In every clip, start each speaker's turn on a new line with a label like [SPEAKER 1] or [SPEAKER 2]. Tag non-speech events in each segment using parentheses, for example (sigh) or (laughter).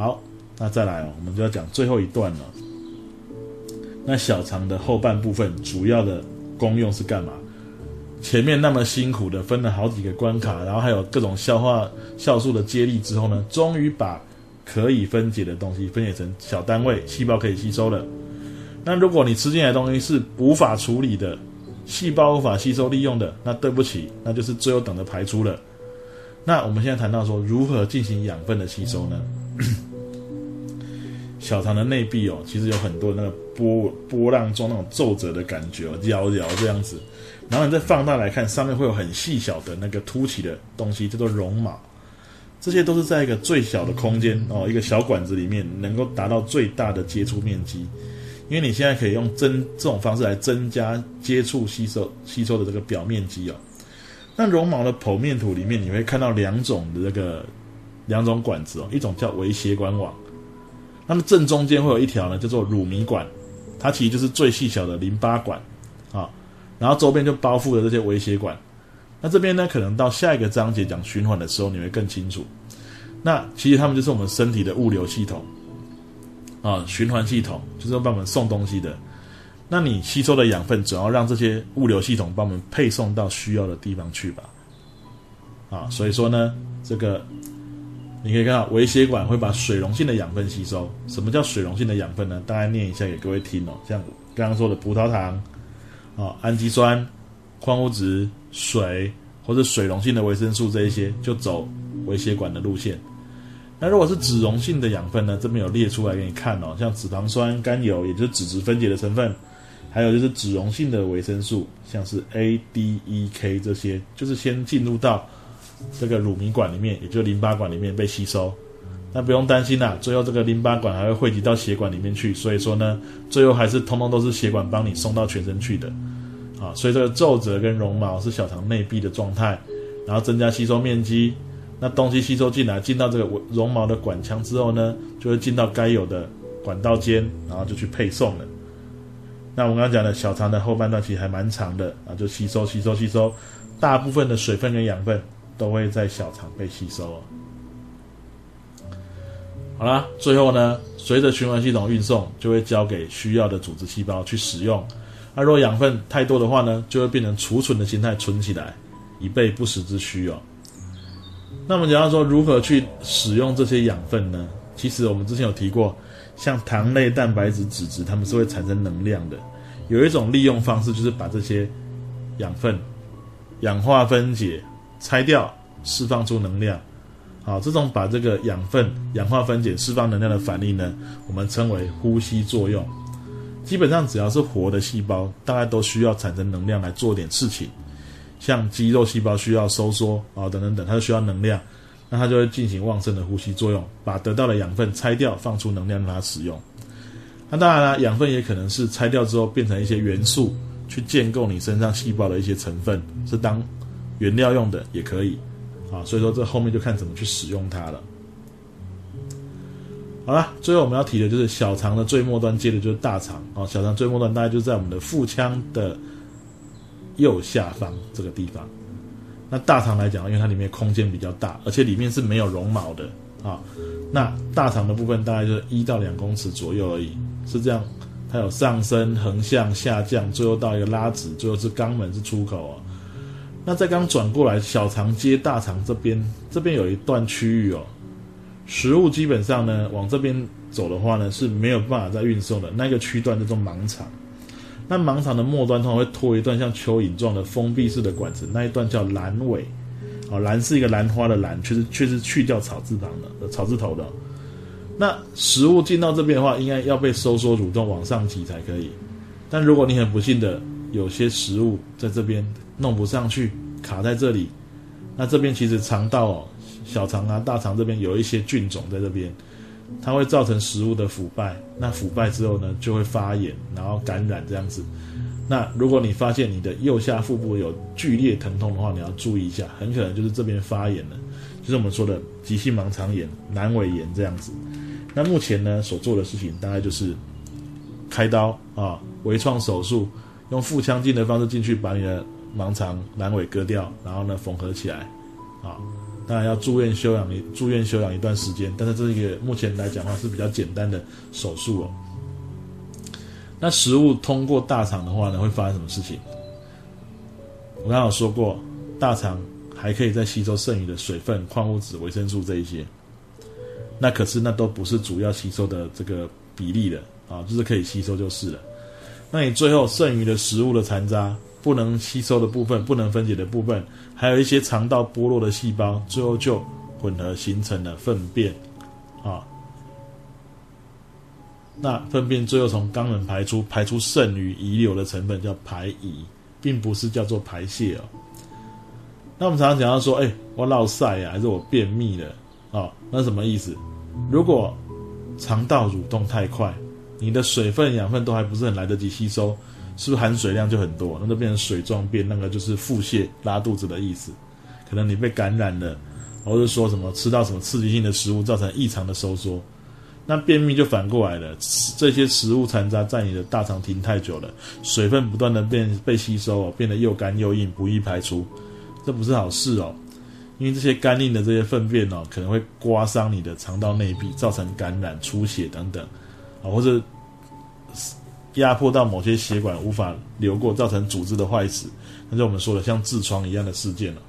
[SPEAKER 1] 好，那再來哦，我們就要講最後一段了。那小腸的後半部分主要的功用是幹嘛？前面那麼辛苦的分了好幾個關卡，然後還有各種消化酵素的接力之後呢，終於把可以分解的東西分解成小單位，細胞可以吸收了。那如果你吃進來的東西是無法處理的，細胞無法吸收利用的，那對不起，那就是最後等着排出了。那我們現在談到說如何進行養分的吸收呢？ (coughs) 小腸的內壁哦，其實有很多那個波波浪狀那種皺褶的感覺哦，搖一搖這樣子，然後你再放大來看，上面會有很細小的那個凸起的東西，叫做絨毛，這些都是在一個最小的空間哦，一個小管子裡面能夠達到最大的接觸面積，因為你現在可以用增這種方式來增加接觸吸收吸收的這個表面積哦。那絨毛的剖面圖裡面，你會看到兩種的這個兩種管子哦，一種叫微血管網。那麼正中間會有一條呢，叫做乳糜管，它其實就是最細小的淋巴管啊、哦。然後周邊就包覆了這些微血管。那這邊呢，可能到下一個章節講循環的時候，你會更清楚。那其實它們就是我們身體的物流系統啊、哦，循環系統就是幫我們送東西的。那你吸收的養分，總要讓這些物流系統幫我們配送到需要的地方去吧？啊、哦，所以說呢，這個。你可以看到微血管會把水溶性的養分吸收。什麼叫水溶性的養分呢？大概念一下給各位聽哦。像剛剛說的葡萄糖、啊、哦、氨基酸、礦物質、水或者水溶性的維生素這一些，就走微血管的路線。那如果是脂溶性的養分呢？這邊有列出來給你看哦。像脂肪酸、甘油，也就是脂質分解的成分，還有就是脂溶性的維生素，像是 A、D、E、K 這些，就是先進入到。這個乳糜管裡面，也就是淋巴管裡面被吸收，那不用擔心啦，啊。最後這個淋巴管還會匯集到血管裡面去，所以說呢，最後還是通通都是血管幫你送到全身去的，啊，所以這個皺褶跟絨毛是小腸內壁的狀態，然後增加吸收面積。那東西吸收進來，進到這個絨毛的管腔之後呢，就會進到該有的管道間，然後就去配送了。那我們剛剛講的小腸的後半段其實還蠻長的啊，就吸收、吸收、吸收，大部分的水分跟養分。都會在小腸被吸收哦。好了，最後呢，隨着循環系統運送，就會交給需要的組織細胞去使用。那、啊、若養分太多的話呢，就會變成儲存的形態，存起來，以備不時之需哦。那我們講到說，如何去使用這些養分呢？其實我們之前有提過，像糖類、蛋白質、脂質，它們是會產生能量的。有一種利用方式就是把這些養分氧化分解。拆掉，釋放出能量。好，這種把這個養分氧化分解、釋放能量的反應呢，我們稱為呼吸作用。基本上只要是活的細胞，大概都需要產生能量來做點事情，像肌肉細胞需要收縮啊，等等等，它就需要能量，那它就會進行旺盛的呼吸作用，把得到的養分拆掉，放出能量讓它使用。那當然了，養分也可能是拆掉之後變成一些元素，去建構你身上細胞的一些成分，是當。原料用的也可以，啊，所以說這後面就看怎麼去使用它了。好了，最後我們要提的就是小腸的最末端接的就是大腸啊，小腸最末端大概就在我們的腹腔的右下方這個地方。那大腸來講，因為它裡面空間比較大，而且裡面是沒有絨毛的啊。那大腸的部分大概就是一到兩公尺左右而已，是這樣。它有上升、橫向、下降，最後到一個拉直，最後是肛門是出口啊。那在剛轉過來小腸接大腸這邊，這邊有一段區域哦，食物基本上呢，往這邊走的話呢，是沒有辦法再運送的。那個區段叫做盲腸，那盲腸的末端通常會拖一段像蚯蚓狀的封閉式的管子，那一段叫闌尾。哦，闌是一個蘭花的蘭，卻是卻是去掉草字旁的，草字頭的。那食物進到這邊的話，應該要被收縮蠕動往上擠才可以。但如果你很不幸的，有些食物在這邊弄不上去，卡在這裡，那這邊其實腸道哦，小腸啊、大腸這邊有一些菌種在這邊，它會造成食物的腐敗。那腐敗之後呢，就會發炎，然後感染這樣子。那如果你發現你的右下腹部有劇烈疼痛的話，你要注意一下，很可能就是這邊發炎了，就是我們說的急性盲腸炎、闌尾炎這樣子。那目前呢，所做的事情大概就是開刀啊，微創手術。用腹腔鏡的方式進去，把你的盲腸闌尾割掉，然後呢縫合起來，啊，當然要住院休養一住院休養一段時間。但是這個目前來講的話是比較簡單的手術哦。那食物通過大腸的話呢，會發生什麼事情？我剛好說過，大腸還可以再吸收剩餘的水分、礦物質、維生素這一些。那可是那都不是主要吸收的這個比例的啊，就是可以吸收就是了。那你最後剩餘的食物的殘渣，不能吸收的部分，不能分解的部分，還有一些腸道剝落的細胞，最後就混合形成了糞便，啊、哦，那糞便最後從肛門排出，排出剩餘遺留的成分叫排遺，並不是叫做排泄哦。那我們常常講到說，哎、欸，我落屎呀，還是我便秘了，啊、哦，那什麼意思？如果腸道蠕動太快。你的水分、養分都還不是很來得及吸收，是不是含水量就很多？那就變成水狀便，那個就是腹瀉、拉肚子的意思。可能你被感染了，或者說什麼吃到什麼刺激性的食物，造成異常的收縮。那便秘就反過來了，這些食物殘渣在你的大腸停太久了，水分不斷的變被吸收變得又乾又硬，不易排出，這不是好事哦。因為這些乾硬的這些糞便哦，可能會刮傷你的腸道內壁，造成感染、出血等等。啊，或者壓迫到某些血管無法流過，造成組織的壞死，那就我們說的像痔瘡一樣的事件了。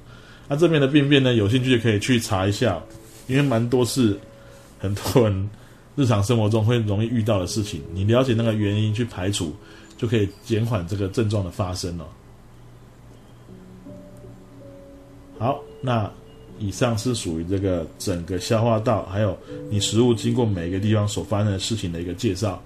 [SPEAKER 1] 那、啊、這邊的病變呢？有興趣就可以去查一下，因為蠻多是很多人日常生活中會容易遇到的事情。你了解那個原因去排除，就可以減緩這個症狀的發生了。好，那。以上是屬於這個整個消化道，還有你食物經過每一個地方所發生的事情的一個介紹。